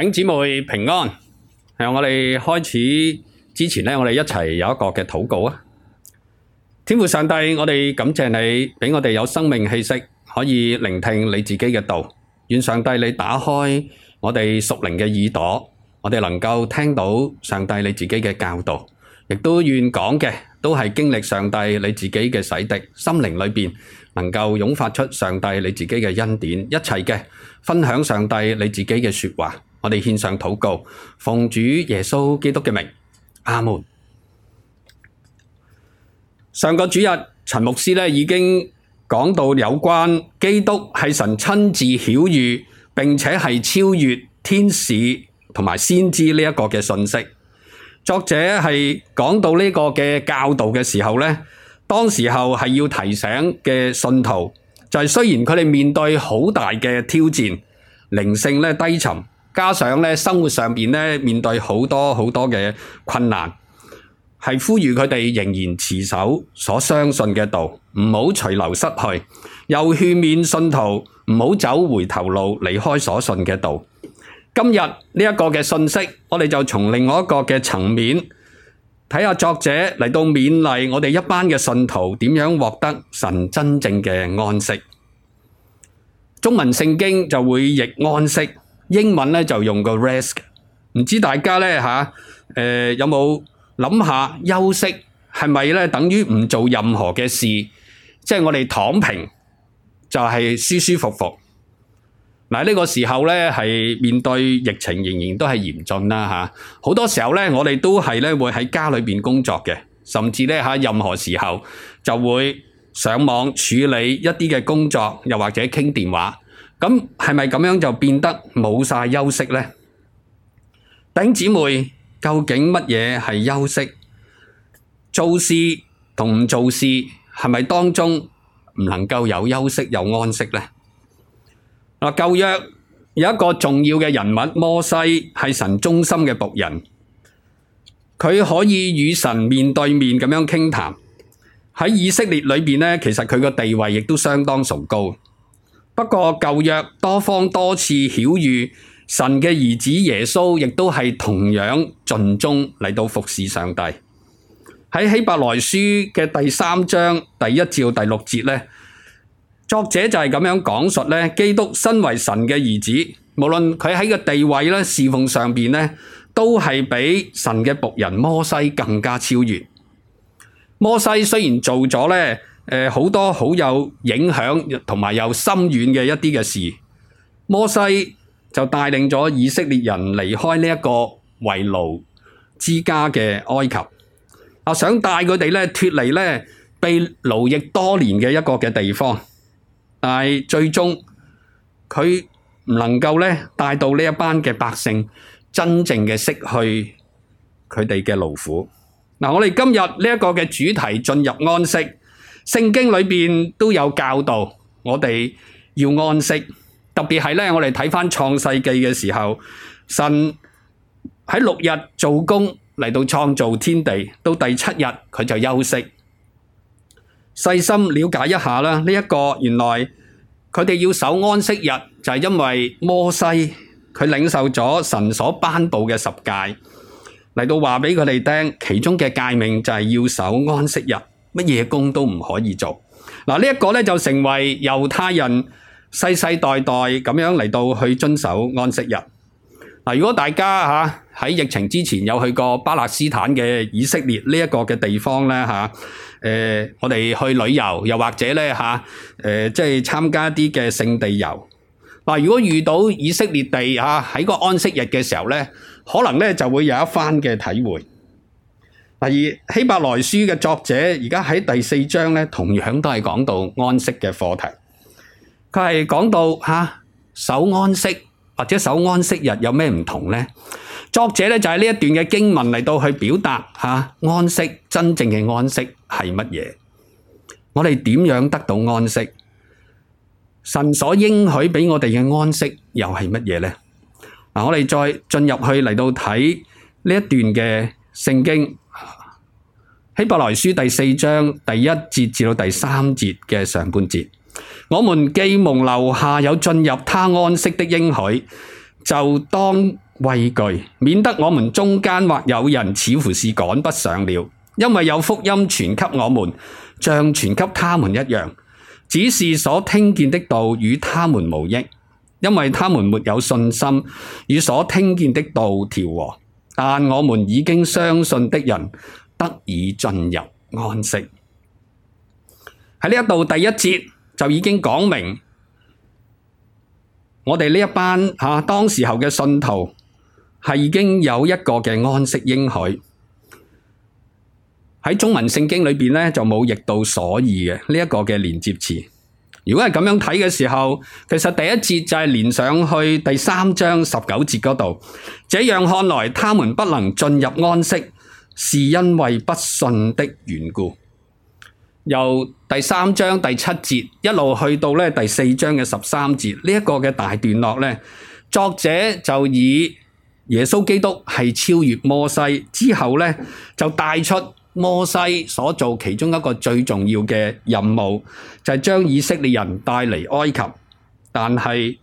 請姐妹平安。向我哋開始之前呢，我哋一齊有一個嘅禱告啊。天父上帝，我哋感謝你畀我哋有生命氣息，可以聆聽你自己嘅道。願上帝你打開我哋屬靈嘅耳朵，我哋能夠聽到上帝你自己嘅教導，亦都願講嘅都係經歷上帝你自己嘅洗滌，心靈裏面能夠湧發出上帝你自己嘅恩典，一切嘅分享上帝你自己嘅說話。我哋獻上禱告，奉主耶穌基督嘅名，阿門。上個主日，陳牧師呢已經講到有關基督係神親自曉諭，並且係超越天使同埋先知呢一個嘅信息。作者係講到呢個嘅教導嘅時候呢，當時候係要提醒嘅信徒就係，雖然佢哋面對好大嘅挑戰，靈性呢低沉。加上咧，生活上面咧，面對好多好多嘅困難，係呼籲佢哋仍然持守所相信嘅道，唔好隨流失去，又勸勉信徒唔好走回頭路，離開所信嘅道。今日呢一個嘅信息，我哋就從另外一個嘅層面睇下作者嚟到勉勵我哋一班嘅信徒點樣獲得神真正嘅安息。中文聖經就會譯安息。英文咧就用個 rest，唔知大家咧吓，誒有冇諗下休息係咪咧等於唔做任何嘅事，即係我哋躺平就係、是、舒舒服服。嗱、啊、呢、這個時候咧係面對疫情仍然都係嚴峻啦吓，好、啊、多時候咧我哋都係咧會喺家裏邊工作嘅，甚至咧吓、啊、任何時候就會上網處理一啲嘅工作，又或者傾電話。咁係咪咁樣就變得冇曬休息呢？弟兄姊妹，究竟乜嘢係休息？做事同唔做事係咪當中唔能夠有休息有安息呢？嗱，舊約有一個重要嘅人物摩西，係神忠心嘅僕人，佢可以與神面對面咁樣傾談。喺以色列裏邊呢，其實佢個地位亦都相當崇高。不過舊約多方多次曉喻，神嘅兒子耶穌亦都係同樣盡忠嚟到服侍上帝。喺希伯來書嘅第三章第一至第六節呢，作者就係咁樣講述呢。基督身為神嘅兒子，無論佢喺個地位呢、侍奉上邊呢，都係比神嘅僕人摩西更加超越。摩西雖然做咗呢，誒好多好有影響同埋又深遠嘅一啲嘅事，摩西就帶領咗以色列人離開呢一個為奴之家嘅埃及啊，想帶佢哋咧脫離咧被奴役多年嘅一個嘅地方，但係最終佢唔能夠咧帶到呢一班嘅百姓真正嘅釋去佢哋嘅勞苦嗱。我哋今日呢一個嘅主題進入安息。聖經裏面都有教導，我哋要安息。特別係咧，我哋睇返創世記嘅時候，神喺六日做工嚟到創造天地，到第七日佢就休息。細心了解一下啦，呢、這、一個原來佢哋要守安息日，就係因為摩西佢領受咗神所頒布嘅十誡嚟到話畀佢哋聽，其中嘅誡命就係要守安息日。乜嘢工都唔可以做。嗱，呢一個咧就成為猶太人世世代代咁樣嚟到去遵守安息日。嗱，如果大家吓喺疫情之前有去過巴勒斯坦嘅以色列呢一個嘅地方咧吓，誒、啊呃、我哋去旅遊又或者咧吓，誒、啊呃、即係參加啲嘅聖地遊。嗱，如果遇到以色列地吓喺、啊、個安息日嘅時候咧，可能咧就會有一番嘅體會。第二，希伯來書嘅作者而家喺第四章咧，同樣都係講到安息嘅課題。佢係講到吓守安息或者守安息日有咩唔同咧？作者咧就係呢一段嘅經文嚟到去表達吓安息，真正嘅安息係乜嘢？我哋點樣得到安息？神所應許俾我哋嘅安息又係乜嘢咧？嗱，我哋再進入去嚟到睇呢一段嘅。聖經希伯來書第四章第一節至到第三節嘅上半節，我們既蒙留下有進入他安息的應許，就當畏懼，免得我們中間或有人似乎是趕不上了，因為有福音傳給我們，像傳給他們一樣，只是所聽見的道與他們無益，因為他們沒有信心與所聽見的道調和。但我們已經相信的人得以進入安息。喺呢一度第一節就已經講明我、啊，我哋呢一班吓當時候嘅信徒係已經有一個嘅安息應許。喺中文聖經裏面呢，就冇譯到所以嘅呢一個嘅連接詞。如果係咁樣睇嘅時候，其實第一節就係連上去第三章十九節嗰度。這樣看來，他們不能進入安息，是因為不信的緣故。由第三章第七節一路去到呢第四章嘅十三節，呢、這、一個嘅大段落呢，作者就以耶穌基督係超越摩西之後呢，就帶出。摩西所做其中一個最重要嘅任務，就係將以色列人帶嚟埃及。但係，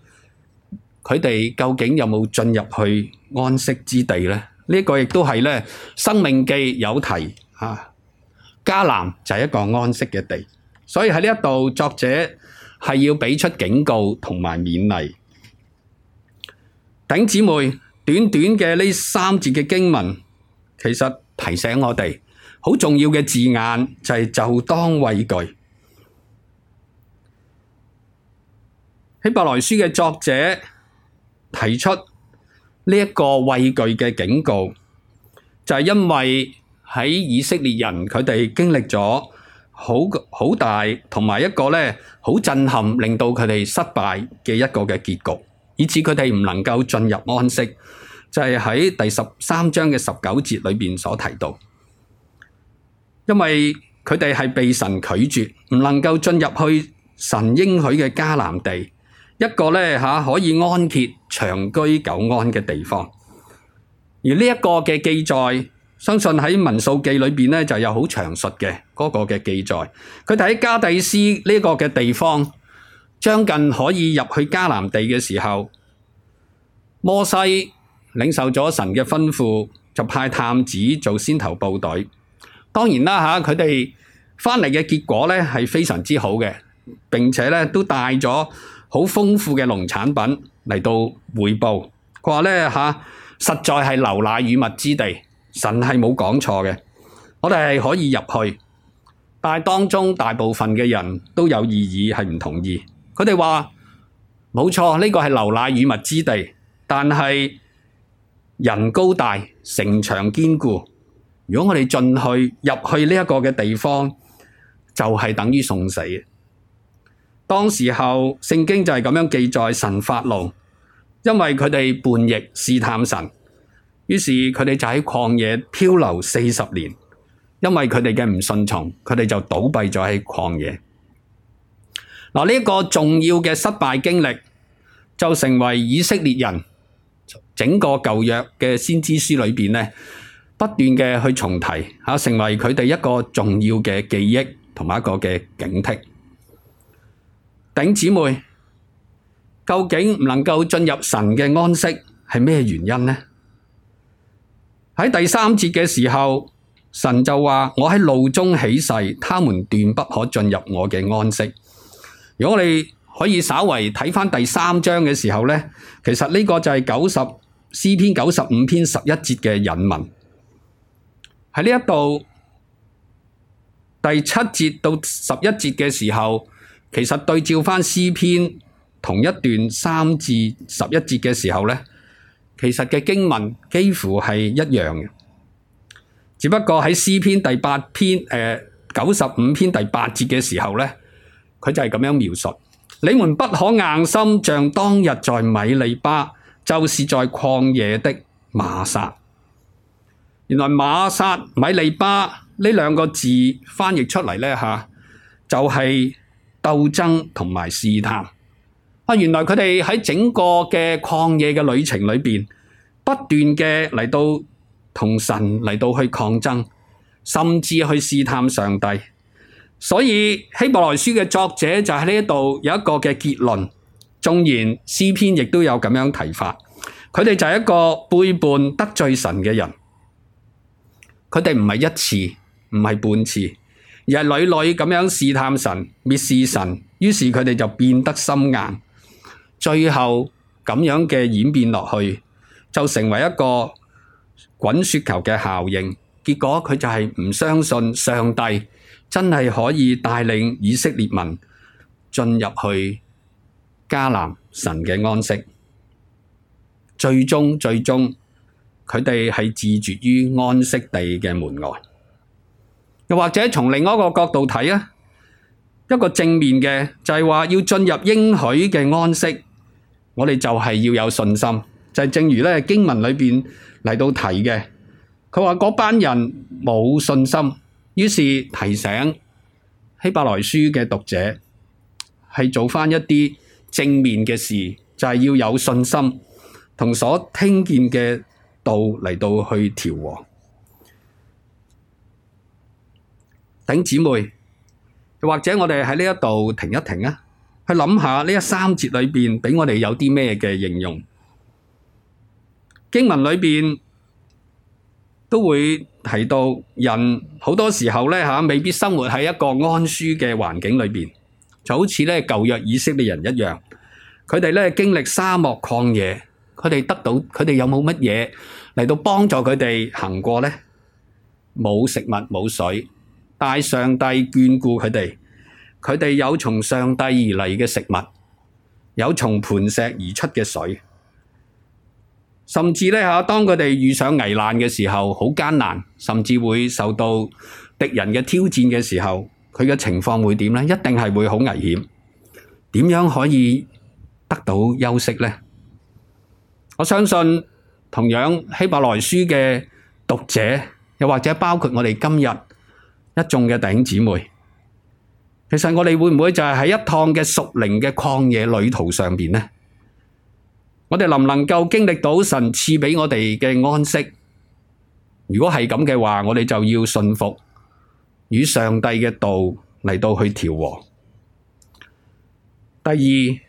佢哋究竟有冇進入去安息之地呢？呢個亦都係生命記有提，迦南就係一個安息嘅地。所以，喺呢度，作者係要畀出警告同埋勉勵。頂姊妹，短短嘅呢三節嘅經文，其實提醒我哋。好重要嘅字眼就係就當畏懼，希伯來書嘅作者提出呢一個畏懼嘅警告，就係因為喺以色列人佢哋經歷咗好好大，同埋一個呢好震撼，令到佢哋失敗嘅一個嘅結局，以至佢哋唔能夠進入安息。就係喺第十三章嘅十九節裏邊所提到，因為佢哋係被神拒絕，唔能夠進入去神應許嘅迦南地，一個呢嚇可以安歇長居久安嘅地方。而呢一個嘅記載，相信喺民數記裏邊呢就有好詳述嘅嗰個嘅記載。佢哋喺迦蒂斯呢個嘅地方將近可以入去迦南地嘅時候，摩西領受咗神嘅吩咐，就派探子做先頭部隊。當然啦、啊，嚇佢哋返嚟嘅結果咧係非常之好嘅，並且咧都帶咗好豐富嘅農產品嚟到匯報。佢話咧嚇，實在係牛奶與蜜之地，神係冇講錯嘅。我哋係可以入去，但係當中大部分嘅人都有異議係唔同意。佢哋話冇錯，呢、這個係牛奶與蜜之地，但係人高大，城牆堅固。如果我哋進去入去呢一個嘅地方，就係等於送死。當時候聖經就係咁樣記載神發怒，因為佢哋叛逆試探神，於是佢哋就喺曠野漂流四十年。因為佢哋嘅唔順從，佢哋就倒閉咗喺曠野嗱。呢一個重要嘅失敗經歷，就成為以色列人整個舊約嘅先知書裏邊呢，不斷嘅去重提，吓成為佢哋一個重要嘅記憶，同埋一個嘅警惕。頂姊妹究竟唔能夠進入神嘅安息係咩原因呢？喺第三節嘅時候，神就話：我喺路中起誓，他們斷不可進入我嘅安息。如果你可以稍為睇返第三章嘅時候咧，其實呢個就係九十詩篇九十五篇十一節嘅引文。喺呢一度第七節到十一節嘅時候，其實對照返詩篇同一段三至十一節嘅時候呢，其實嘅經文幾乎係一樣嘅，只不過喺詩篇第八篇誒，九十五篇第八節嘅時候呢，佢就係咁樣描述：你們不可硬心，像當日在米利巴，就是在曠野的瑪撒。原來馬薩米利巴呢兩個字翻譯出嚟呢，嚇、啊，就係、是、鬥爭同埋試探啊。原來佢哋喺整個嘅曠野嘅旅程裏邊不斷嘅嚟到同神嚟到去抗爭，甚至去試探上帝。所以希伯來書嘅作者就喺呢一度有一個嘅結論，縱然詩篇亦都有咁樣提法，佢哋就係一個背叛得罪神嘅人。佢哋唔係一次，唔係半次，而係屢屢咁樣試探神、蔑視神，於是佢哋就變得心硬，最後咁樣嘅演變落去，就成為一個滾雪球嘅效應。結果佢就係唔相信上帝真係可以帶領以色列民進入去迦南神嘅安息。最終，最終。佢哋係自絕於安息地嘅門外，又或者從另一個角度睇啊，一個正面嘅就係話要進入應許嘅安息，我哋就係要有信心。就係正如咧經文裏邊嚟到提嘅，佢話嗰班人冇信心，於是提醒希伯來書嘅讀者係做返一啲正面嘅事，就係要有信心同所聽見嘅。到嚟到去調和，等姊妹，或者我哋喺呢一度停一停啊，去諗下呢一三節裏邊俾我哋有啲咩嘅應用。經文裏邊都會提到人好多時候呢吓未必生活喺一個安舒嘅環境裏邊，就好似呢舊約以色列人一樣，佢哋呢經歷沙漠曠野，佢哋得到佢哋有冇乜嘢？嚟到幫助佢哋行過呢，冇食物，冇水，但上帝眷顧佢哋，佢哋有從上帝而嚟嘅食物，有從磐石而出嘅水，甚至呢，嚇，當佢哋遇上危難嘅時候，好艱難，甚至會受到敵人嘅挑戰嘅時候，佢嘅情況會點呢？一定係會好危險。點樣可以得到休息呢？我相信。同樣希伯來書嘅讀者，又或者包括我哋今日一眾嘅弟兄姊妹，其實我哋會唔會就係喺一趟嘅屬靈嘅曠野旅途上面呢？我哋能唔能夠經歷到神賜俾我哋嘅安息？如果係咁嘅話，我哋就要信服與上帝嘅道嚟到去調和。第二，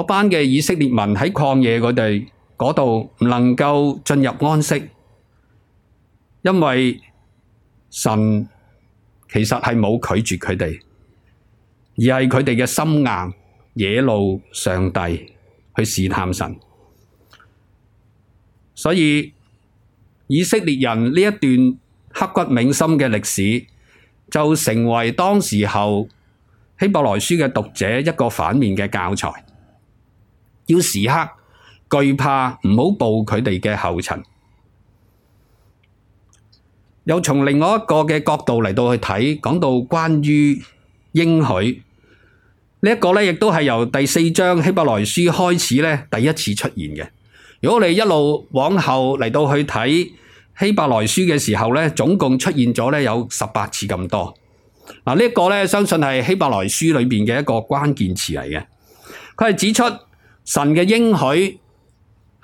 嗰班嘅以色列民喺曠野佢哋。嗰度，唔能夠進入安息，因為，神，其實，懼怕，唔好步佢哋嘅後塵。又從另外一個嘅角度嚟到去睇，講到關於應許呢一個呢，亦都係由第四章希伯來書開始呢第一次出現嘅。如果你一路往後嚟到去睇希伯來書嘅時候呢，總共出現咗呢有十八次咁多。嗱，呢一個呢，相信係希伯來書裏邊嘅一個關鍵詞嚟嘅。佢係指出神嘅應許。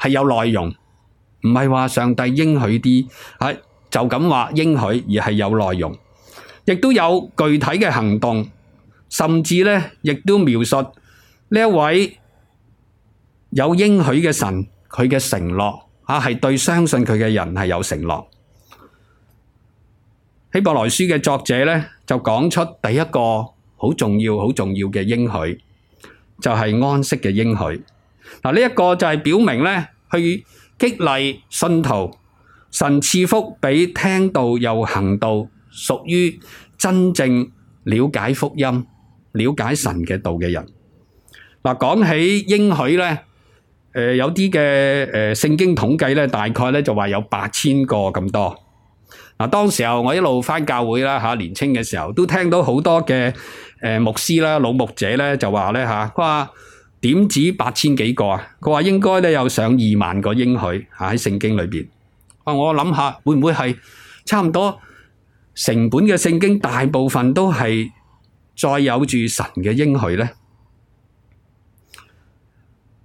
係有內容，唔係話上帝應許啲，啊就咁話應許，而係有內容，亦都有具體嘅行動，甚至呢，亦都描述呢一位有應許嘅神，佢嘅承諾，啊，係對相信佢嘅人係有承諾。希伯來書嘅作者呢，就講出第一個好重要、好重要嘅應許，就係安息嘅應許。嗱，呢一個就係表明咧，去激勵信徒，神賜福俾聽道又行道，屬於真正瞭解福音、瞭解神嘅道嘅人。嗱，講起應許咧，誒，有啲嘅誒聖經統計咧，大概咧就話有八千個咁多。嗱，當時候我一路翻教會啦嚇，年青嘅時候都聽到好多嘅誒牧師啦、老牧者咧就話咧嚇，話。點止八千幾個啊？佢話應該都有上二萬個應許啊，喺聖經裏邊啊。我諗下會唔會係差唔多成本嘅聖經大部分都係再有住神嘅應許咧？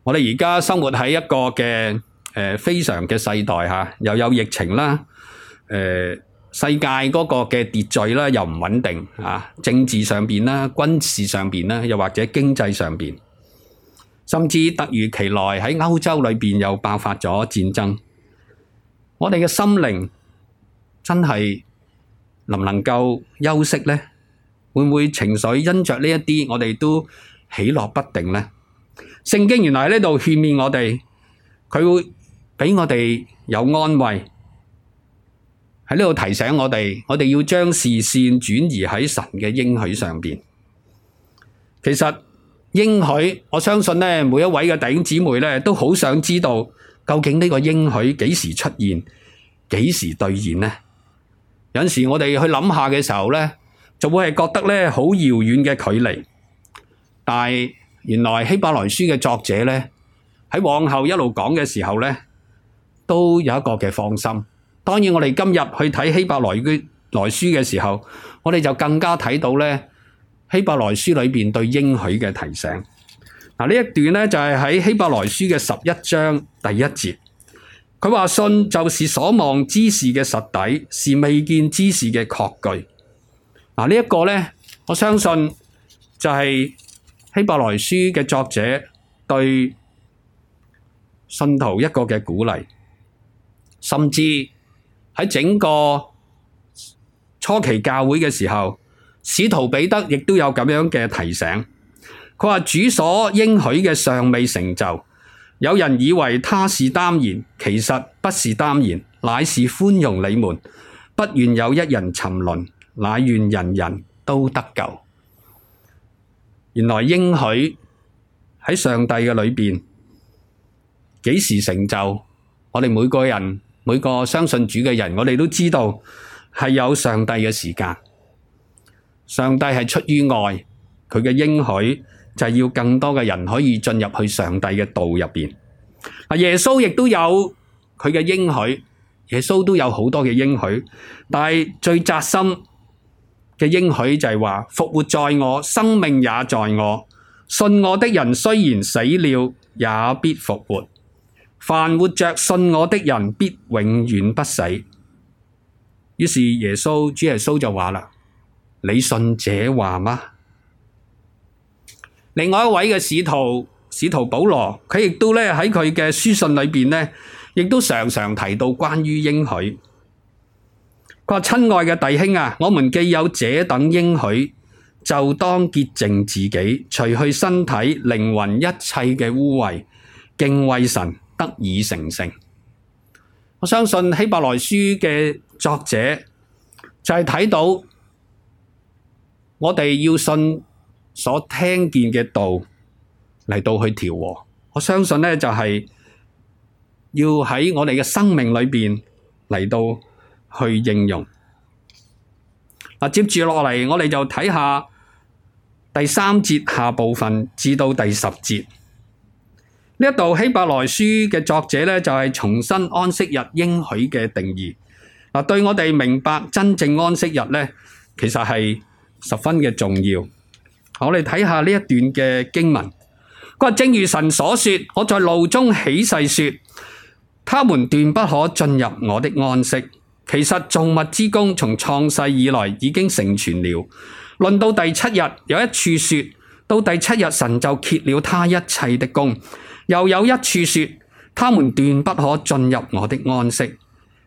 我哋而家生活喺一個嘅誒、呃、非常嘅世代吓、啊，又有疫情啦，誒、啊、世界嗰個嘅秩序啦、啊、又唔穩定啊，政治上邊啦、啊，軍事上邊啦，又或者經濟上邊。甚至突如其來喺歐洲裏邊又爆發咗戰爭，我哋嘅心靈真係能唔能夠休息呢？會唔會情緒因着呢一啲，我哋都喜樂不定呢？聖經原來喺呢度勸勉我哋，佢會畀我哋有安慰，喺呢度提醒我哋，我哋要將視線轉移喺神嘅應許上邊。其實，應許，我相信呢每一位嘅弟兄姊妹呢都好想知道究竟呢個希伯來書裡面對應許嘅提醒。嗱呢一段呢，就係喺希伯來書嘅十一章第一節。佢話信就是所望之事嘅實底，是未見之事嘅確據。嗱呢一個呢,我相信就係希伯來書嘅作者對信徒一個嘅鼓勵。甚至，喺整個初期教會嘅時候，使徒彼得亦都有咁樣嘅提醒，佢話主所應許嘅尚未成就，有人以為他是耽延，其實不是耽延，乃是寬容你們，不願有一人沉淪，乃願人人都得救。原來應許喺上帝嘅裏邊，幾時成就？我哋每個人每個相信主嘅人，我哋都知道係有上帝嘅時間。上帝係出於愛，佢嘅應許就係要更多嘅人可以進入去上帝嘅道入面。啊，耶穌亦都有佢嘅應許，耶穌都有好多嘅應許，但係最扎心嘅應許就係話復活在我，生命也在我。信我的人雖然死了，也必復活；凡活着信我的人必永遠不死。於是耶穌主耶穌就話啦。你信這話嗎？另外一位嘅使徒使徒保羅，佢亦都咧喺佢嘅書信裏邊呢，亦都常常提到關於應許。佢話：親愛嘅弟兄啊，我們既有這等應許，就當潔淨自己，除去身體、靈魂一切嘅污穢，敬畏神，得以成聖。我相信希伯來書嘅作者就係睇到。我哋要信所聽見嘅道嚟到去調和，我相信咧就係要喺我哋嘅生命裏邊嚟到去應用。嗱，接住落嚟，我哋就睇下第三節下部分至到第十節，呢一度希伯來書嘅作者咧，就係重新安息日應許嘅定義嗱，對我哋明白真正安息日咧，其實係。十分嘅重要。我哋睇下呢一段嘅經文。嗰正如神所說我在路中起誓說，他們斷不可進入我的安息。其實眾物之功從創世以來已經成全了。論到第七日，有一處說到第七日神就揭了他一切的功，又有一處說他們斷不可進入我的安息。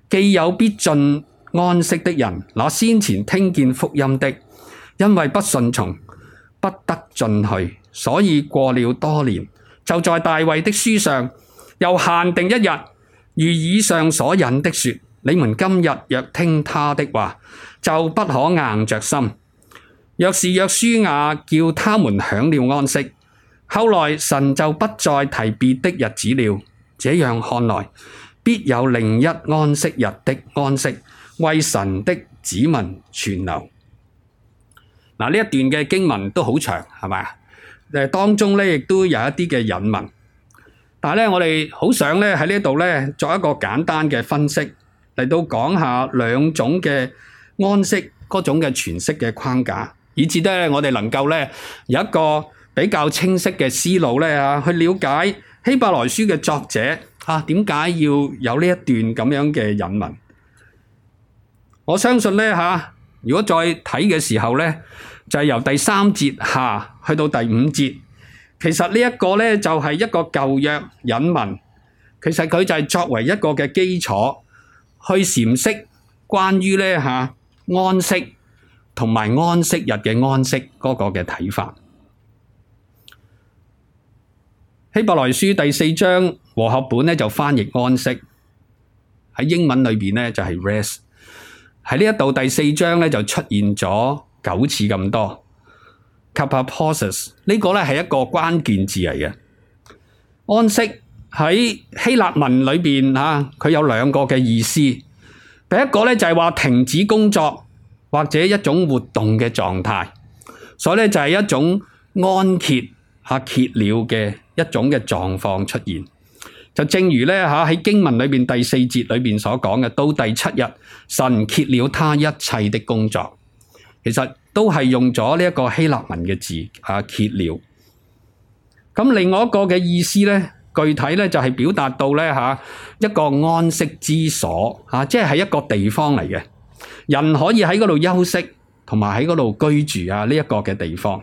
既有必進安息的人，那先前聽見福音的，因為不順從，不得進去，所以過了多年，就在大衛的書上又限定一日，如以上所引的說：你們今日若聽他的話，就不可硬着心。若是約書亞叫他們享了安息，後來神就不再提別的日子了。這樣看來，必有另一安息日的安息，為神的子民存留。嗱，呢一段嘅經文都好長，係咪？誒當中咧亦都有一啲嘅引文，但係咧我哋好想咧喺呢度咧作一個簡單嘅分析，嚟到講下兩種嘅安息嗰種嘅詮釋嘅框架，以至得咧我哋能夠咧有一個比較清晰嘅思路咧嚇去了解希伯來書嘅作者嚇點解要有呢一段咁樣嘅引文。我相信咧嚇，如果再睇嘅時候咧～就係由第三節下去到第五節，其實呢一個呢就係一個舊約引文，其實佢就係作為一個嘅基礎去闡釋關於呢吓安息同埋安息日嘅安息嗰個嘅睇法。希伯來書第四章，和合本呢就翻譯安息，喺英文裏邊呢就係 rest，喺呢一度第四章呢就出現咗。九次咁多。吸下 katapausis，呢個咧係一個關鍵字嚟嘅。安息喺希臘文裏邊嚇，佢有兩個嘅意思。第一個咧就係話停止工作或者一種活動嘅狀態，所以咧就係一種安歇嚇，歇了嘅一種嘅狀況出現，就正如咧吓喺經文裏邊第四節裏邊所講嘅，到第七日神歇了他一切的工作。其實都係用咗呢一個希臘文嘅字嚇，歇了。咁另外一個嘅意思咧，具體咧就係表達到咧嚇一個安息之所嚇，即係係一個地方嚟嘅，人可以喺嗰度休息同埋喺嗰度居住啊，呢一個嘅地方。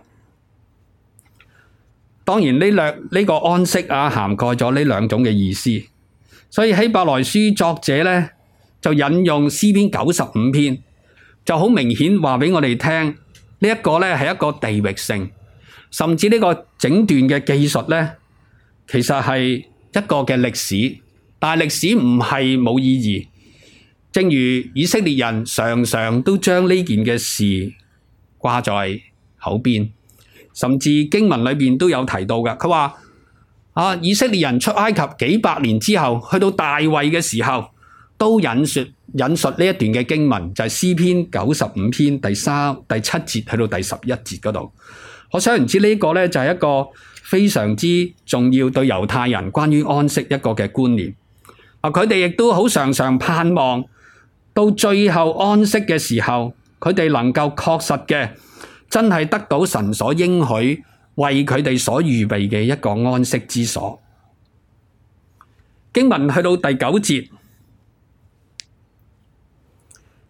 當然呢兩呢個安息啊，涵蓋咗呢兩種嘅意思，所以希伯來書作者咧就引用詩篇九十五篇。就好明顯話畀我哋聽，呢一個咧係一個地域性，甚至呢個整段嘅技術呢，其實係一個嘅歷史，但係歷史唔係冇意義。正如以色列人常常都將呢件嘅事掛在口邊，甚至經文裏邊都有提到㗎。佢話：啊，以色列人出埃及幾百年之後，去到大衛嘅時候，都引説。引述呢一段嘅經文就係詩篇九十五篇第三第七節去到第十一節嗰度，我想唔知這個呢個呢就係一個非常之重要對猶太人關於安息一個嘅觀念。啊，佢哋亦都好常常盼望到最後安息嘅時候，佢哋能夠確實嘅真係得到神所應許為佢哋所預備嘅一個安息之所。經文去到第九節。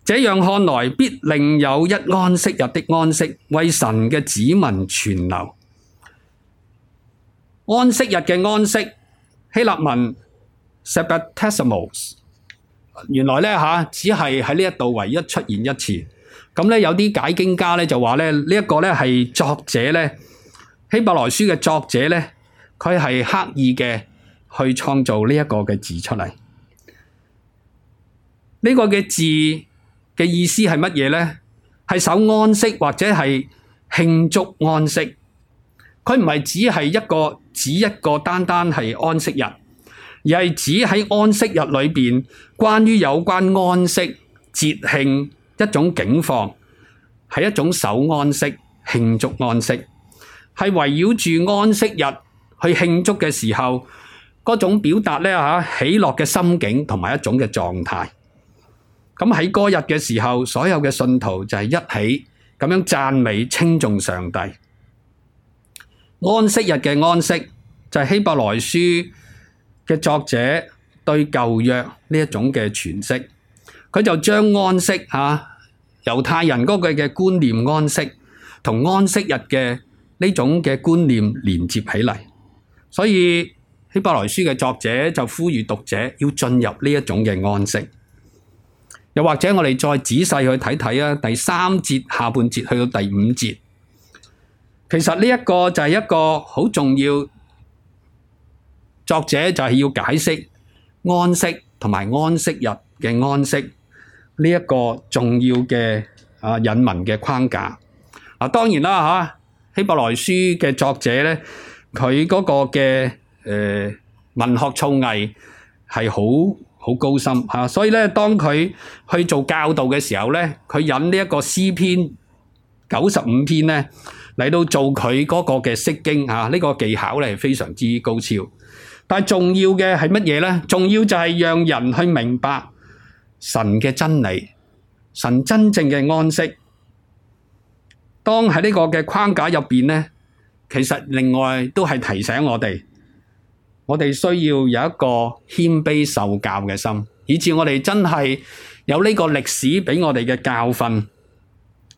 這樣看來，必另有一安息日的安息，為神嘅子民存留。安息日嘅安息，希臘文 sabbatismos 原來呢，啊、只係喺呢一度唯一出現一次。咁咧有啲解經家呢就話呢一，這個呢係作者呢，希伯來書嘅作者呢，佢係刻意嘅去創造呢一個嘅字出嚟。呢、這個嘅字嘅意思係乜嘢呢？係守安息或者係慶祝安息，佢唔係只係一個，指一個單單係安息日，而係指喺安息日裏邊，關於有關安息節慶一種境況，係一種守安息慶祝安息，係圍繞住安息日去慶祝嘅時候，嗰種表達呢，吓喜樂嘅心境同埋一種嘅狀態。咁喺嗰日嘅時候，所有嘅信徒就係一起咁樣讚美稱頌上帝。安息日嘅安息就係希伯來書嘅作者對舊約呢一種嘅詮釋，佢就將安息呀，猶太人嗰句嘅觀念安息同安息日嘅呢種嘅觀念連接起嚟，所以希伯來書嘅作者就呼籲讀者要進入呢一種嘅安息。又或者我哋再仔細去睇睇啊，第三節下半節去到第五節，其實呢一個就係一個好重要，作者就係要解釋安息同埋安息日嘅安息呢一個重要嘅啊引文嘅框架。啊，當然啦吓，希伯來書嘅作者咧，佢嗰個嘅誒文學造詣係好。好高深嚇，所以咧，當佢去做教導嘅時候咧，佢引呢一個詩篇九十五篇咧嚟到做佢嗰個嘅釋經嚇，呢個技巧咧係非常之高超。但係重要嘅係乜嘢咧？重要就係讓人去明白神嘅真理，神真正嘅安息。當喺呢個嘅框架入邊咧，其實另外都係提醒我哋。我哋需要有一個謙卑受教嘅心，以至我哋真係有呢個歷史俾我哋嘅教訓，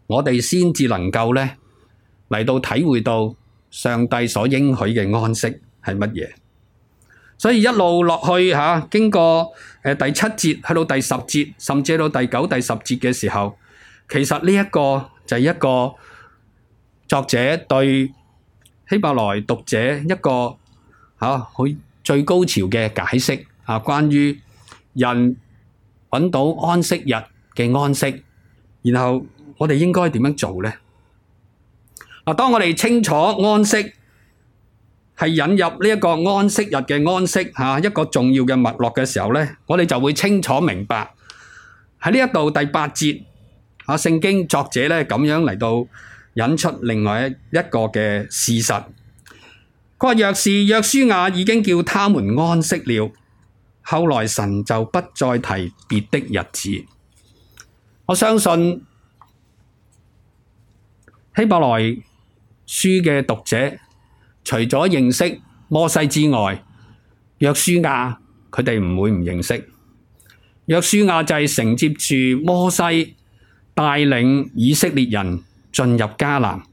我哋先至能夠呢，嚟到體會到上帝所應許嘅安息係乜嘢。所以一路落去，經過第七節,去到第十節，甚至去到第九、第十節嘅時候，其實呢一個就係一個作者對希伯來讀者一個嚇佢、啊、最高潮嘅解釋啊，關於人揾到安息日嘅安息，然後我哋應該點樣做咧？嗱、啊，當我哋清楚安息係引入呢一個安息日嘅安息嚇、啊、一個重要嘅脈絡嘅時候咧，我哋就會清楚明白喺呢一度第八節嚇聖經作者咧，咁樣嚟到引出另外一一個嘅事實。嗰，若是約書亞已經叫他們安息了，後來神就不再提別的日子。我相信希伯來書嘅讀者，除咗認識摩西之外，約書亞佢哋唔會唔認識。約書亞就係承接住摩西帶領以色列人進入迦南，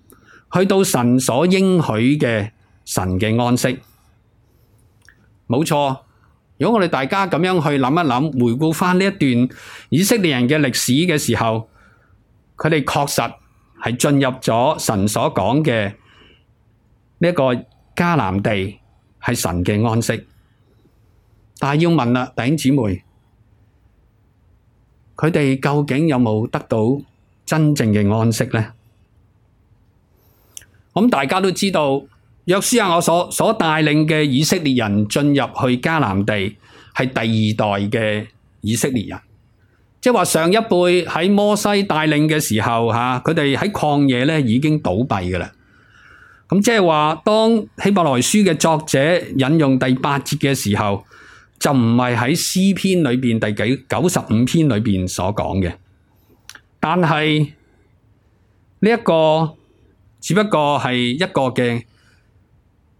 去到神所應許嘅。神嘅安息，冇錯。如果我哋大家咁樣去諗一諗，回顧返呢一段以色列人嘅歷史嘅時候，佢哋確實係進入咗神所講嘅呢一個迦南地，係神嘅安息。但係要問啦，弟兄姊妹，佢哋究竟有冇得到真正嘅安息呢？我諗大家都知道。約書亞我所所帶領嘅以色列人進入去迦南地，係第二代嘅以色列人，即係話上一輩喺摩西帶領嘅時候，嚇佢哋喺曠野咧已經倒閉嘅啦。咁、嗯、即係話，當希伯來書嘅作者引用第八節嘅時候，就唔係喺詩篇裏邊第九九十五篇裏邊所講嘅，但係呢一個只不過係一個嘅。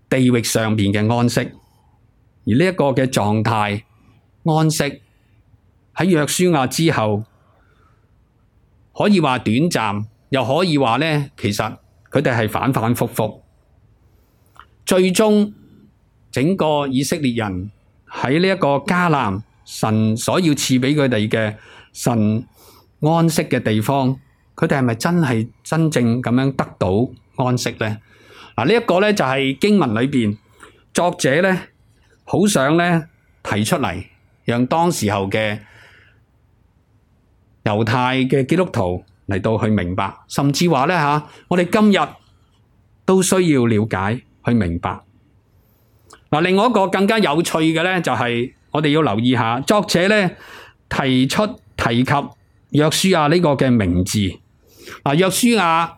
地域上邊嘅安息，而呢一個嘅狀態安息喺約書亞之後，可以話短暫，又可以話呢，其實佢哋係反反覆覆，最終整個以色列人喺呢一個迦南，神所要賜畀佢哋嘅神安息嘅地方，佢哋係咪真係真正咁樣得到安息呢？嗱，呢一個咧就係經文裏邊作者咧，好想咧提出嚟，讓當時候嘅猶太嘅基督徒嚟到去明白，甚至話咧吓，我哋今日都需要了解去明白。嗱，另外一個更加有趣嘅咧，就係我哋要留意下作者咧提出提及約書亞呢個嘅名字，嗱，約書亞。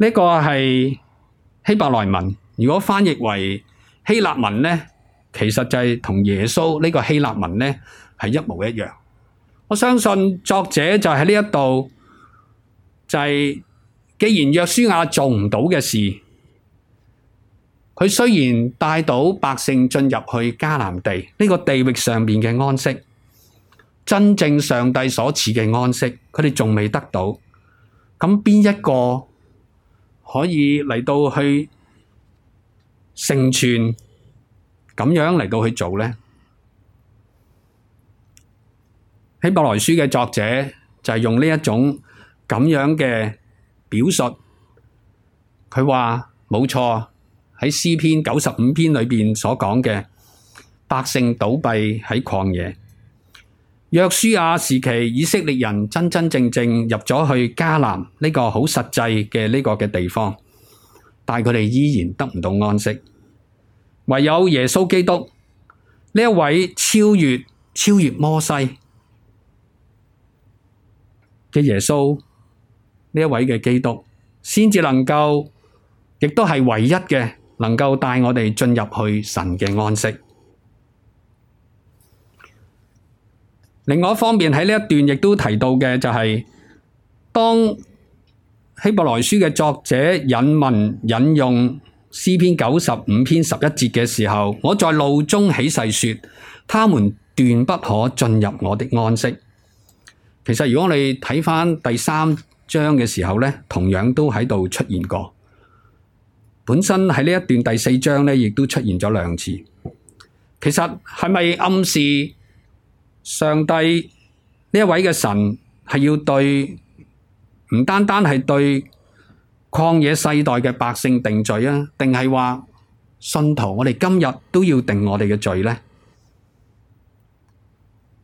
呢個係希伯來文，如果翻譯為希臘文咧，其實就係同耶穌呢個希臘文咧係一模一樣。我相信作者就喺呢一度，就係既然約書亞做唔到嘅事，佢雖然帶到百姓進入去迦南地呢個地域上面嘅安息，真正上帝所賜嘅安息，佢哋仲未得到，咁邊一個？可以嚟到去成全咁樣嚟到去做呢？《希伯來書》嘅作者就係用呢一種咁樣嘅表述，佢話冇錯，喺詩篇九十五篇裏邊所講嘅百姓倒閉喺曠野。約書亞時期，以色列人真真正正入咗去迦南呢個好實際嘅呢個嘅地方，但佢哋依然得唔到安息，唯有耶穌基督呢一位超越超越摩西嘅耶穌呢一位嘅基督，先至能夠，亦都係唯一嘅能夠帶我哋進入去神嘅安息。另外一方面，喺呢一段亦都提到嘅就係、是，當希伯來書嘅作者引文引用詩篇九十五篇十一節嘅時候，我在怒中起誓說，他們斷不可進入我的安息。其實如果你睇翻第三章嘅時候呢，同樣都喺度出現過。本身喺呢一段第四章呢，亦都出現咗兩次。其實係咪暗示？上帝呢一位嘅神係要對唔單單係對曠野世代嘅百姓定罪啊，定係話信徒，我哋今日都要定我哋嘅罪咧？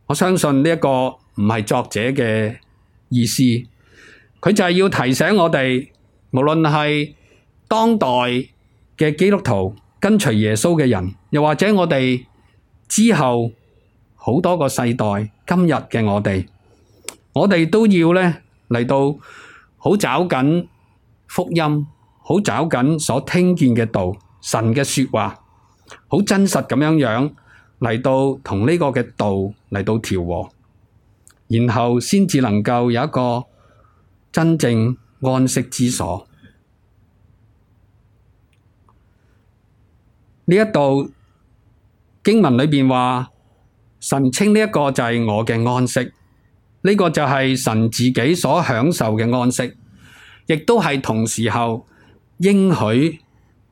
我相信呢一個唔係作者嘅意思，佢就係要提醒我哋，無論係當代嘅基督徒跟隨耶穌嘅人，又或者我哋之後。好多個世代，今日嘅我哋，我哋都要呢嚟到好找緊福音，好找緊所聽見嘅道，神嘅説話，好真實咁樣樣嚟到同呢個嘅道嚟到調和，然後先至能夠有一個真正安息之所。呢一度經文裏邊話。神稱呢一個就係我嘅安息，呢、這個就係神自己所享受嘅安息，亦都係同時候應許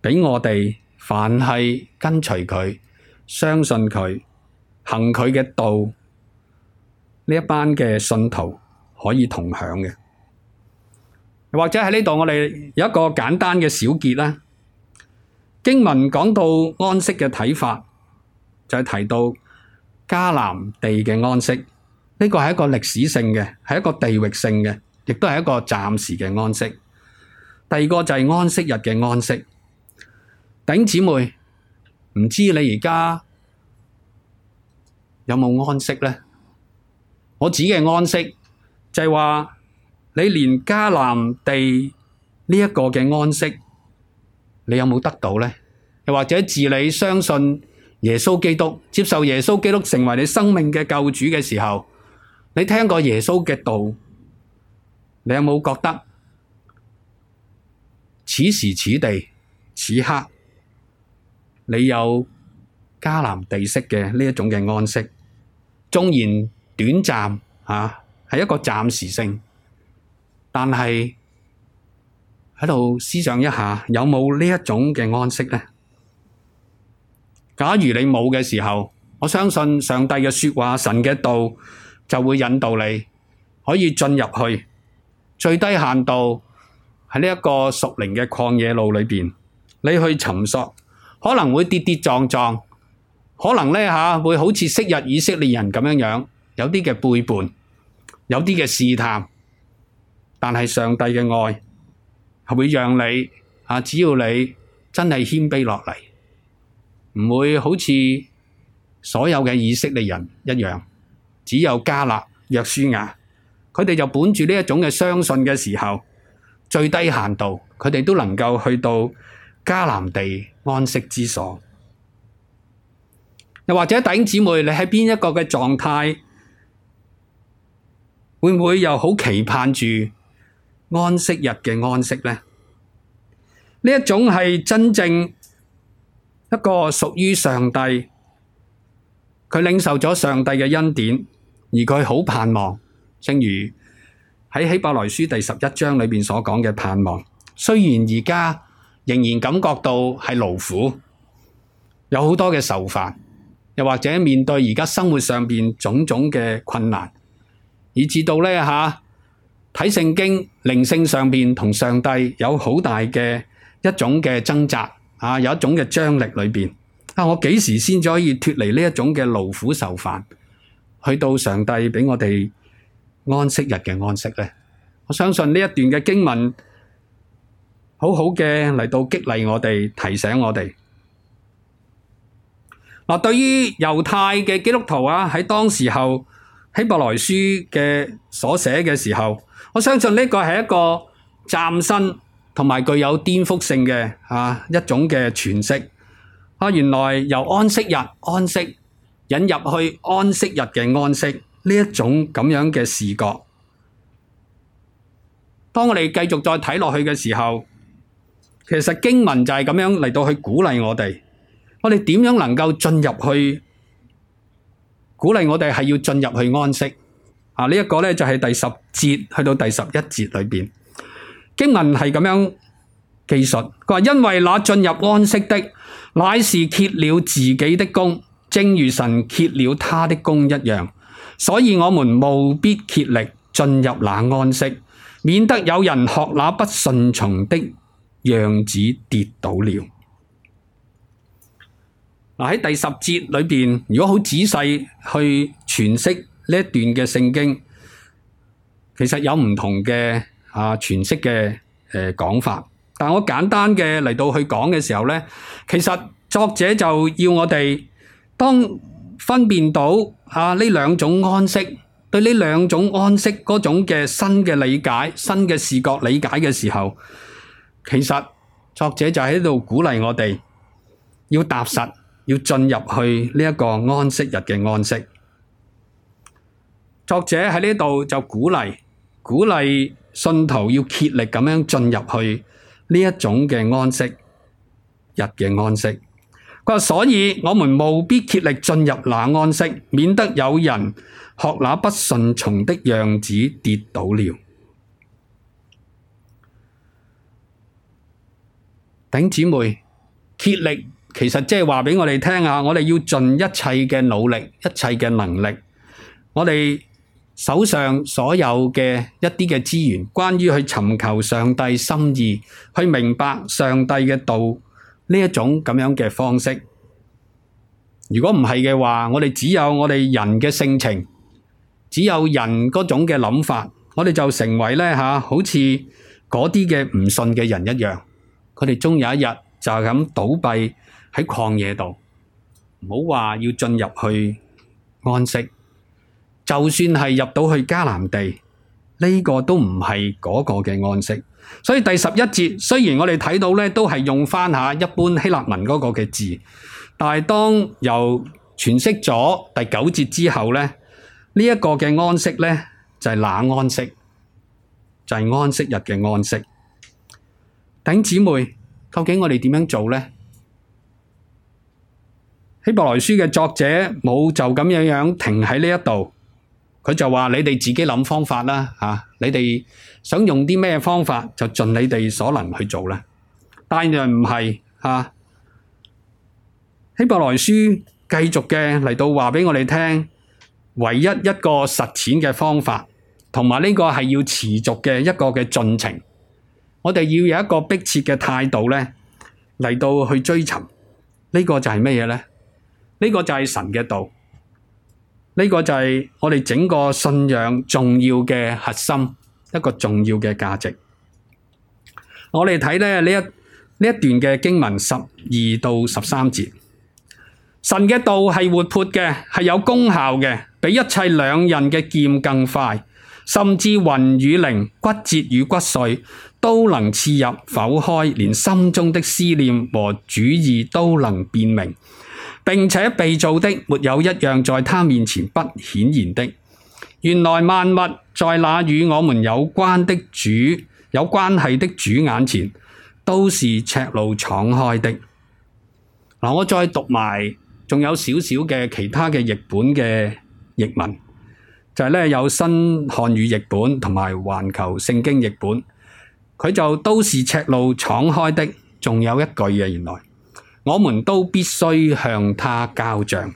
畀我哋凡係跟隨佢、相信佢、行佢嘅道呢一班嘅信徒可以同享嘅。或者喺呢度我哋有一個簡單嘅小結啦，經文講到安息嘅睇法就係、是、提到。迦南地嘅安息，呢個係一個歷史性嘅，係一個地域性嘅，亦都係一個暫時嘅安息。第二個就係安息日嘅安息。頂姊妹，唔知你而家有冇安息呢？我指嘅安息就係話你連迦南地呢一個嘅安息，你有冇得到呢？又或者自你相信耶穌基督接受耶穌基督成為你生命嘅救主嘅時候，你聽過耶穌嘅道，你有冇覺得此時此地此刻，你有迦南地色嘅呢一種嘅安息？縱然短暫吓，係、啊、一個暫時性，但係喺度思想一下，有冇呢一種嘅安息呢？假如你冇嘅時候，我相信上帝嘅說話，神嘅道就會引導你可以進入去，最低限度喺呢一個屬靈嘅曠野路裏邊，你去尋索，可能會跌跌撞撞，可能呢嚇會好似昔日以色列人咁樣樣有啲嘅背叛，有啲嘅試探，但係上帝嘅愛係會讓你啊，只要你真係謙卑落嚟。唔會好似所有嘅以色列人一樣，只有迦勒、約書亞，佢哋就本住呢一種嘅相信嘅時候，最低限度佢哋都能夠去到迦南地安息之所。又或者弟兄姊妹，你喺邊一個嘅狀態，會唔會又好期盼住安息日嘅安息呢？呢一種係真正。一個屬於上帝，佢領受咗上帝嘅恩典，而佢好盼望，正如喺希伯來書第十一章裏邊所講嘅盼望。雖然而家仍然感覺到係勞苦，有好多嘅愁煩，又或者面對而家生活上邊種種嘅困難，以至到呢吓睇聖經，靈性上邊同上帝有好大嘅一種嘅掙扎。呃，有一種嘅張力裏面。呃，我幾時先可以脫離呢一種嘅勞苦愁煩，去到上帝俾我哋安息日嘅安息呢?一同埋具有顛覆性嘅嚇、啊、一種嘅詮釋，啊，原來由安息日安息引入去安息日嘅安息呢一種咁樣嘅視覺。當我哋繼續再睇落去嘅時候，其實經文就係咁樣嚟到去鼓勵我哋，我哋點樣能夠進入去鼓勵我哋係要進入去安息啊？這個、呢一個咧就係、是、第十節去到第十一節裏邊。經文係咁樣記述，佢話：因為那進入安息的，乃是歇了自己的工，正如神歇了他的工一樣。所以我們務必竭力進入那安息，免得有人學那不順從的樣子跌倒了。嗱，喺第十節裏邊，如果好仔細去詮釋呢一段嘅聖經，其實有唔同嘅。全息的講法。信徒要竭力咁樣進入去呢一種嘅安息日嘅安息。佢話：所以我們務必竭力進入那安息，免得有人學那不順從的樣子跌倒了。頂姊妹，竭力其實即係話俾我哋聽啊！我哋要盡一切嘅努力，一切嘅能力，我哋。手上所有嘅一啲嘅資源，關於去尋求上帝心意，去明白上帝嘅道呢一種咁樣嘅方式。如果唔係嘅話，我哋只有我哋人嘅性情，只有人嗰種嘅諗法，我哋就成為咧嚇、啊，好似嗰啲嘅唔信嘅人一樣。佢哋終有一日就咁倒斃喺曠野度，唔好話要進入去安息。就算係入到去迦南地，呢、這個都唔係嗰個嘅安息。所以第十一節雖然我哋睇到呢都係用返下一般希臘文嗰個嘅字，但係當又詮釋咗第九節之後咧，呢、這、一個嘅安息呢，就係、是、冷安息，就係、是、安息日嘅安息。頂姊妹，究竟我哋點樣做呢？希伯來書嘅作者冇就咁樣樣停喺呢一度。佢就話：你哋自己諗方法啦，嚇！你哋想用啲咩方法，就盡你哋所能去做啦。但係唔係嚇？希伯來書繼續嘅嚟到話畀我哋聽，唯一一個實踐嘅方法，同埋呢個係要持續嘅一個嘅進程。我哋要有一個迫切嘅態度咧，嚟到去追尋。呢個就係乜嘢咧？呢個就係神嘅道。呢個就係我哋整個信仰重要嘅核心，一個重要嘅價值。我哋睇呢呢一呢一段嘅經文十二到十三節，神嘅道係活潑嘅，係有功效嘅，比一切兩刃嘅劍更快，甚至魂與靈、骨節與骨髓都能刺入、剖開，連心中的思念和主意都能辨明。並且被造的，沒有一樣在他面前不顯然的。原來萬物在那與我們有關的主有關係的主眼前，都是赤露敞開的。嗱、啊，我再讀埋，仲有少少嘅其他嘅譯本嘅譯文，就係、是、呢有新漢語譯本同埋環球聖經譯本，佢就都是赤露敞開的。仲有一句嘅、啊、原來。我們都必須向他交賬。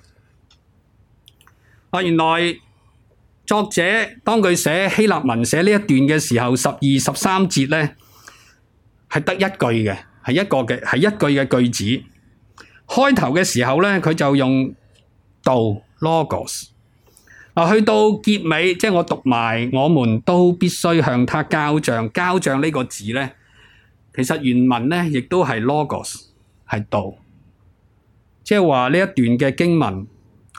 啊，原來作者當佢寫希臘文寫呢一段嘅時候，十二十三節呢係得一句嘅，係一個嘅，係一句嘅句子。開頭嘅時候呢，佢就用道 logos。啊，去到結尾，即係我讀埋我們都必須向他交賬，交賬呢個字呢，其實原文呢亦都係 logos。係道，即係話呢一段嘅經文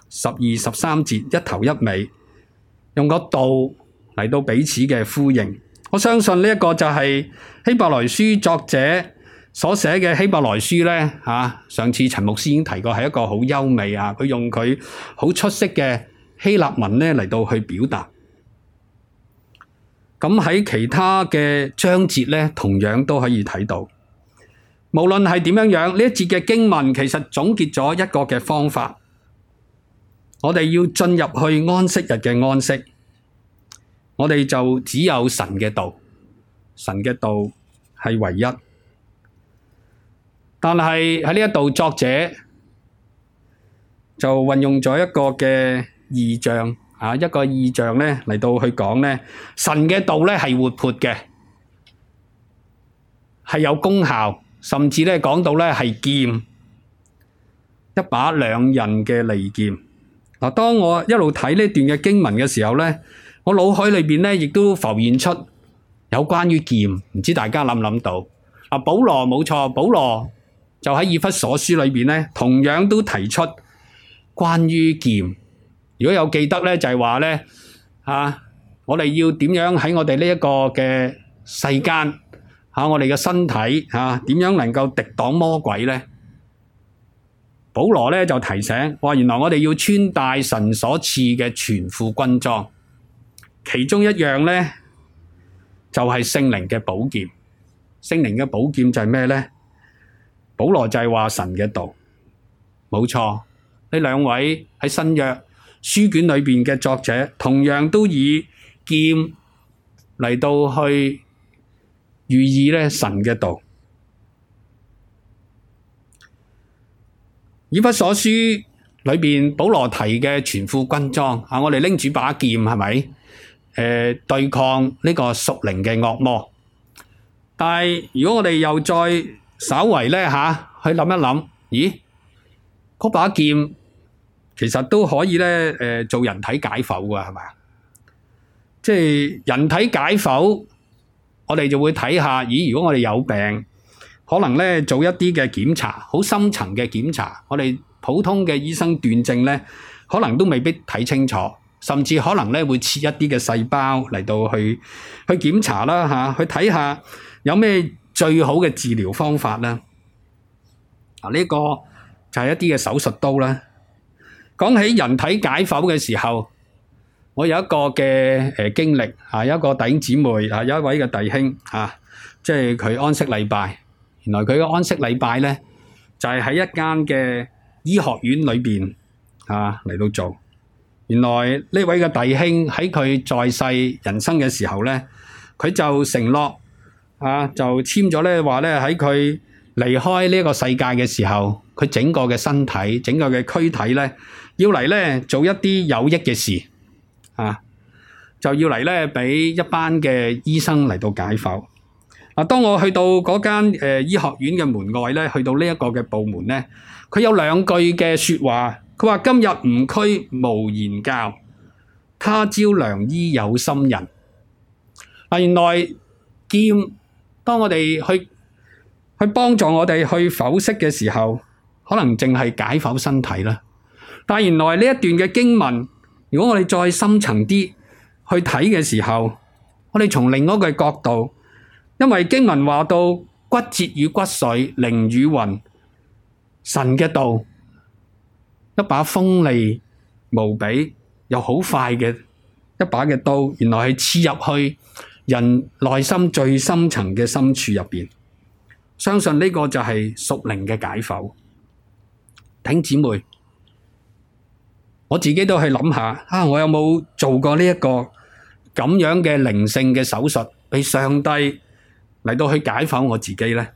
十二十三節一頭一尾，用個道嚟到彼此嘅呼應。我相信呢一個就係希伯來書作者所寫嘅希伯來書咧嚇、啊。上次陳牧師已經提過，係一個好優美啊！佢用佢好出色嘅希臘文咧嚟到去表達。咁喺其他嘅章節咧，同樣都可以睇到。無論是點樣樣,呢一節嘅經文其實總結了一個嘅方法。我們要進入去安息日的安息。我們就只有神的道。神的道是唯一。但是,在這裏,作者就運用了一個嘅意象。啊,一個意象嚟到去講,神的道是活潑的。是有功效。甚至咧講到咧係劍，一把兩刃的利劍。嗱，當我一路睇呢段嘅經文嘅時候咧，我腦海裏邊咧亦都浮現出有關於劍，唔知大家諗唔諗到？啊，保羅冇錯，保羅就喺以弗所書裏邊咧，同樣都提出關於劍。如果有記得咧，就係話咧，啊，我哋要點樣喺我哋呢一個嘅世間？嚇、啊！我哋嘅身體嚇點、啊、樣能夠敵擋魔鬼咧？保羅咧就提醒，話原來我哋要穿戴神所賜嘅全副軍裝，其中一樣咧就係聖靈嘅寶劍。聖靈嘅寶劍就係咩咧？保羅就係話神嘅道，冇錯。呢兩位喺新約書卷裏邊嘅作者，同樣都以劍嚟到去。寓意咧神嘅道，以弗所書我哋就會睇下，咦？如果我哋有病，可能咧做一啲嘅檢查，好深層嘅檢查，我哋普通嘅醫生斷症咧，可能都未必睇清楚，甚至可能咧會切一啲嘅細胞嚟到去去檢查啦吓，去睇下有咩最好嘅治療方法咧。啊，呢個就係一啲嘅手術刀啦。講起人體解剖嘅時候。我有一個嘅誒經歷啊，有一個弟兄姊妹啊，有一位嘅弟兄啊，即係佢安息禮拜。原來佢嘅安息禮拜咧，就係喺一間嘅醫學院裏邊啊嚟到做。原來呢位嘅弟兄喺佢在世人生嘅時候咧，佢就承諾啊，就簽咗咧話咧，喺佢離開呢個世界嘅時候，佢整個嘅身體，整個嘅軀體咧，要嚟咧做一啲有益嘅事。啊！就要嚟咧，俾一班嘅醫生嚟到解剖。嗱，當我去到嗰間誒醫學院嘅門外咧，去到呢一個嘅部門咧，佢有兩句嘅說話。佢話：今日唔拘無言教，他朝良醫有心人。嗱，原來劍，當我哋去去幫助我哋去剖析嘅時候，可能淨係解剖身體啦。但係原來呢一段嘅經文。如果我哋再深層啲去睇嘅時候，我哋從另外一個角度，因為經文話到骨節與骨髓、靈與魂，神嘅道一把鋒利無比又好快嘅一把嘅刀，原來係刺入去人內心最深層嘅深處入邊。相信呢個就係屬靈嘅解剖。聽姊妹。我自己都去諗下，啊，我有冇做過呢、這、一個咁樣嘅靈性嘅手術，畀上帝嚟到去解剖我自己呢？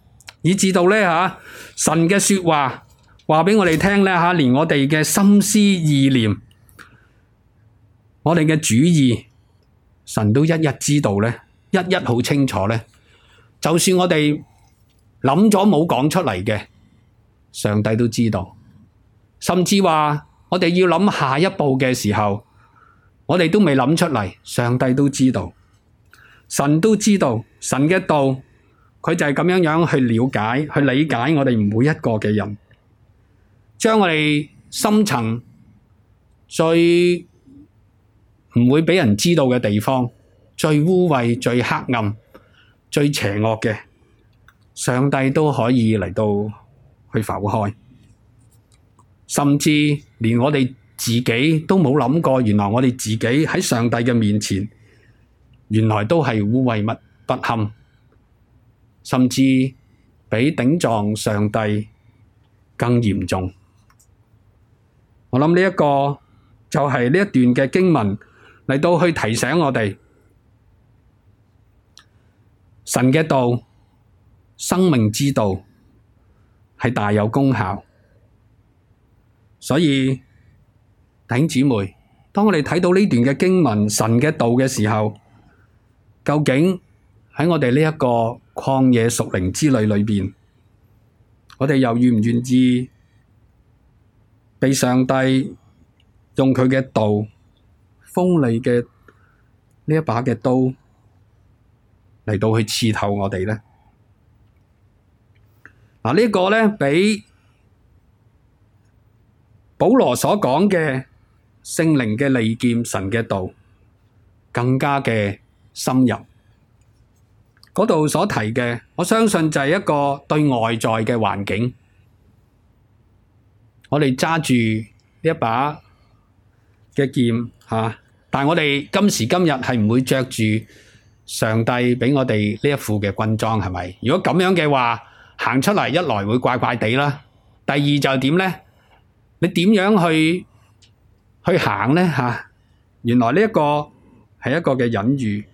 以至到呢，吓、啊，神嘅說話話畀我哋聽呢，吓、啊，連我哋嘅心思意念，我哋嘅主意，神都一一知道呢，一一好清楚呢。就算我哋諗咗冇講出嚟嘅，上帝都知道，甚至話。我哋要諗下一步嘅時候，我哋都未諗出嚟，上帝都知道，神都知道，神嘅道佢就係咁樣樣去了解、去理解我哋每一個嘅人，將我哋深層最唔會俾人知道嘅地方、最污穢、最黑暗、最邪惡嘅，上帝都可以嚟到去剖開。甚至連我哋自己都冇諗過，原來我哋自己喺上帝嘅面前，原來都係污穢物不堪，甚至比頂撞上帝更嚴重。我諗呢一個就係呢一段嘅經文嚟到去提醒我哋，神嘅道、生命之道係大有功效。所以弟兄姊妹，當我哋睇到呢段嘅經文、神嘅道嘅時候，究竟喺我哋呢一個曠野屬靈之旅裏邊，我哋又願唔願意畀上帝用佢嘅道鋒利嘅呢一把嘅刀嚟到去刺透我哋呢？嗱、這個、呢個咧畀。保羅所講的聖靈的利劍，神的道更加的深入。那裏所提的，我相信就是一個對外在的環境。我們揸着這把的劍，但係我們今時今日是不會着住上帝給我們這一副的軍裝，是不是？如果這樣的話，走出來一來會怪怪哋啦。第二，就係點呢？你點樣去去行呢？吓，原來呢一個係一個嘅隱喻，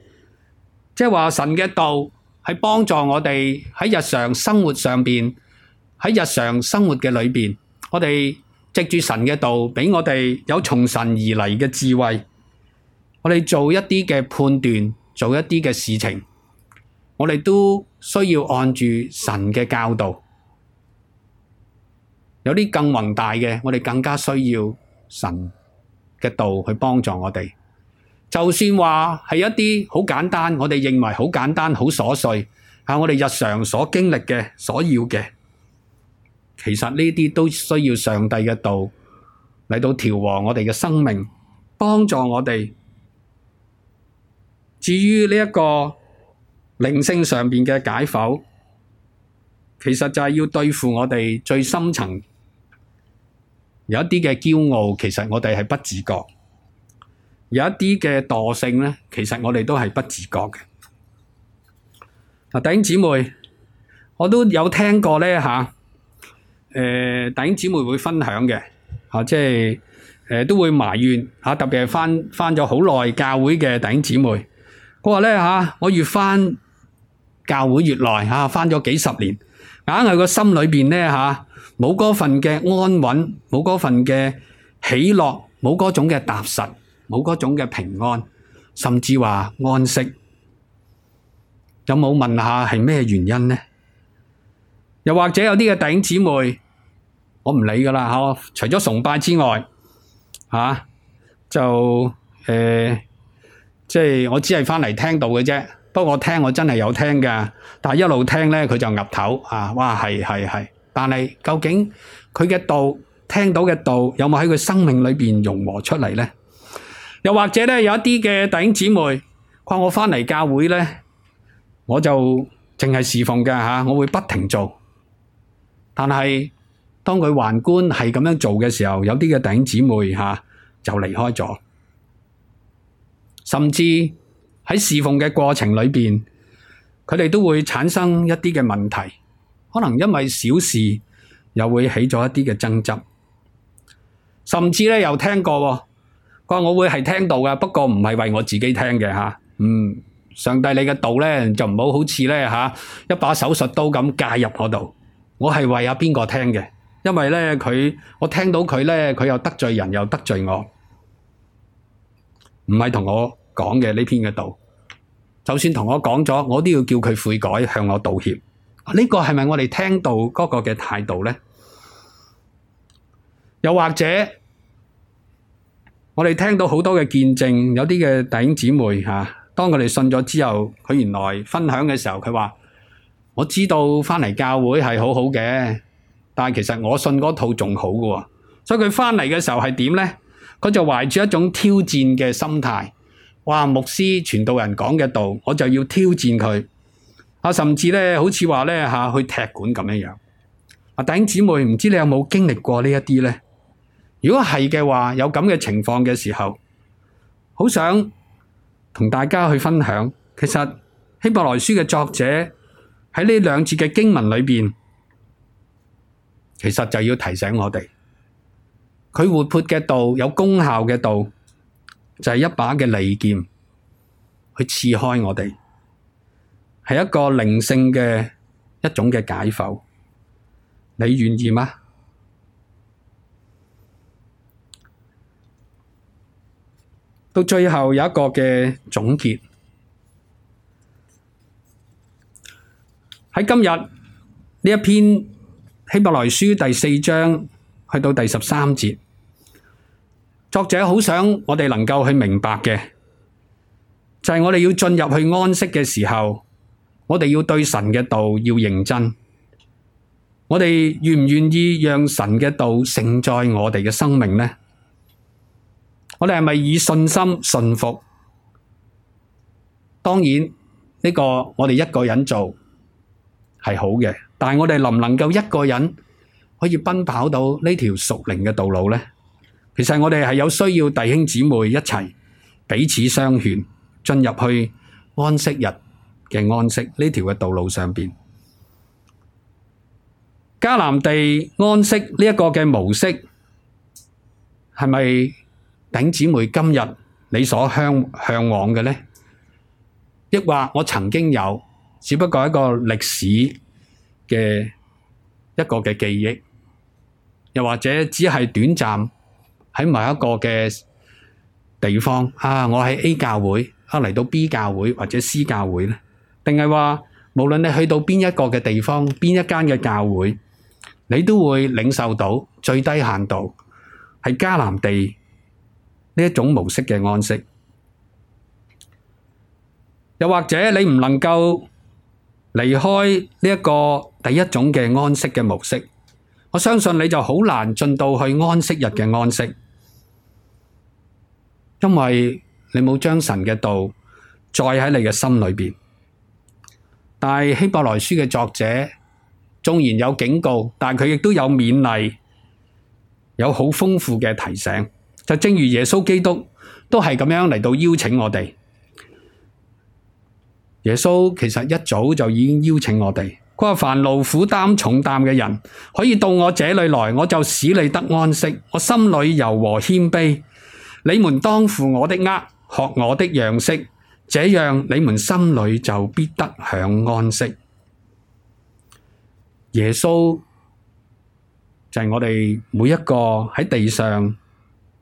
即係話神嘅道係幫助我哋喺日常生活上邊，喺日常生活嘅裏邊，我哋藉住神嘅道，畀我哋有從神而嚟嘅智慧，我哋做一啲嘅判斷，做一啲嘅事情，我哋都需要按住神嘅教導。有啲更宏大嘅，我哋更加需要神嘅道去幫助我哋。就算話係一啲好簡單，我哋認為好簡單、好瑣碎，係我哋日常所經歷嘅、所要嘅，其實呢啲都需要上帝嘅道嚟到調和我哋嘅生命，幫助我哋。至於呢一個靈性上面嘅解剖，其實就係要對付我哋最深層。有一啲嘅驕傲，其實我哋係不自覺；有一啲嘅惰性咧，其實我哋都係不自覺嘅。啊，弟兄姊妹，我都有聽過咧嚇，誒，弟兄姊妹會分享嘅嚇，即係誒都會埋怨嚇，特別係翻翻咗好耐教會嘅弟兄姊妹，佢話咧嚇，我越翻教會越耐嚇，翻咗幾十年，硬係個心裏邊咧嚇。冇嗰份嘅安穩，冇嗰份嘅喜樂，冇嗰種嘅踏實，冇嗰種嘅平安，甚至話安息，有冇問下係咩原因呢？又或者有啲嘅弟兄姊妹，我唔理噶啦，嗬，除咗崇拜之外，嚇、啊、就誒、呃，即係我只係翻嚟聽到嘅啫。不過我聽我真係有聽㗎，但係一路聽咧佢就岌頭啊！哇，係係係。但係究竟佢嘅道，聽到嘅道有冇喺佢生命裏邊融合出嚟咧？又或者咧有一啲嘅弟兄姊妹，話我返嚟教會咧，我就淨係侍奉噶吓，我會不停做。但係當佢橫掂係咁樣做嘅時候，有啲嘅弟兄姊妹吓就離開咗，甚至喺侍奉嘅過程裏邊，佢哋都會產生一啲嘅問題。可能因為小事又會起咗一啲嘅爭執，甚至咧又聽過喎。佢話：我會係聽到嘅，不過唔係為我自己聽嘅嚇、啊。嗯，上帝你嘅道咧就唔好好似咧嚇一把手術刀咁介入我度。我係為啊邊個聽嘅？因為咧佢我聽到佢咧佢又得罪人又得罪我，唔係同我講嘅呢篇嘅道。就算同我講咗，我都要叫佢悔改向我道歉。呢個係咪我哋聽到嗰個嘅態度咧？又或者我哋聽到好多嘅見證，有啲嘅弟兄姊妹嚇，當佢哋信咗之後，佢原來分享嘅時候，佢話：我知道翻嚟教會係好好嘅，但係其實我信嗰套仲好嘅喎。所以佢翻嚟嘅時候係點咧？佢就懷住一種挑戰嘅心態，哇！牧師傳道人講嘅道，我就要挑戰佢。啊，甚至咧，好似話咧吓，去踢館咁樣樣。啊，弟兄姊妹，唔知你有冇經歷過呢一啲咧？如果係嘅話，有咁嘅情況嘅時候，好想同大家去分享。其實希伯來書嘅作者喺呢兩節嘅經文裏邊，其實就要提醒我哋，佢活潑嘅道，有功效嘅道，就係一把嘅利劍，去刺開我哋。係一個靈性嘅一種嘅解剖，你願意嗎？到最後有一個嘅總結。喺今日呢一篇希伯來書第四章去到第十三節，作者好想我哋能夠去明白嘅就係我哋要進入去安息嘅時候。我哋要對神嘅道要認真，我哋願唔願意讓神嘅道承載我哋嘅生命呢？我哋係咪以信心信服？當然，呢個我哋一個人做係好嘅，但係我哋能唔能夠一個人可以奔跑到呢條屬靈嘅道路呢？其實我哋係有需要弟兄姊妹一齊彼此相勸，進入去安息日。嘅安息呢條嘅道路上邊，迦南地安息呢一個嘅模式，係咪頂姊妹今日你所向向往嘅呢？抑或我曾經有，只不過係一個歷史嘅一個嘅記憶，又或者只係短暫喺某一個嘅地方啊，我喺 A 教會啊嚟到 B 教會或者 C 教會呢？定係話，無論你去到邊一個嘅地方，邊一間嘅教會，你都會領受到最低限度係迦南地呢一種模式嘅安息。又或者你唔能夠離開呢一個第一種嘅安息嘅模式，我相信你就好難進到去安息日嘅安息，因為你冇將神嘅道載喺你嘅心裏邊。但係希伯來書嘅作者，縱然有警告，但係佢亦都有勉勵，有好豐富嘅提醒。就正如耶穌基督都係咁樣嚟到邀請我哋。耶穌其實一早就已經邀請我哋。佢話：凡勞苦擔重擔嘅人，可以到我這裏來，我就使你得安息，我心裏柔和謙卑。你們當負我的軛，學我的樣式。這樣，你們心裏就必得享安息。耶穌，就是我們每一個在地上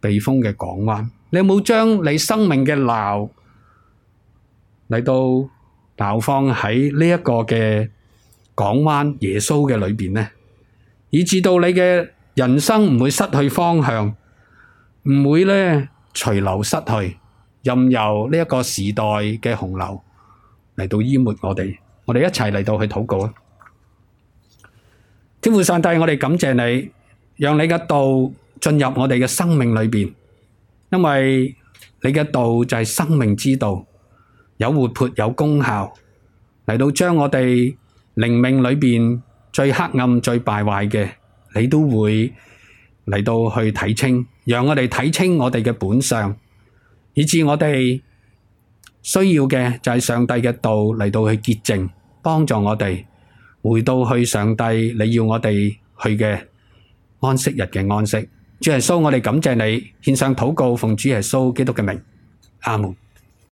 避風的港灣。你有沒有將你生命的錨，來到錨放在這一個的港灣耶穌的裏面呢？以至到你的人生不會失去方向，不會隨流失去。任由呢一個時代嘅洪流嚟到淹沒我哋，我哋一齊嚟到去禱告啊！天父上帝，我哋感謝你，讓你嘅道進入我哋嘅生命裏邊，因為你嘅道就係生命之道，有活潑有功效嚟到將我哋靈命裏邊最黑暗最敗壞嘅，你都會嚟到去睇清，讓我哋睇清我哋嘅本相。以致我哋需要嘅就係上帝嘅道嚟到去潔淨，幫助我哋回到去上帝你要我哋去嘅安息日嘅安息。主耶穌，我哋感謝你，獻上禱告，奉主耶穌基督嘅名，阿門。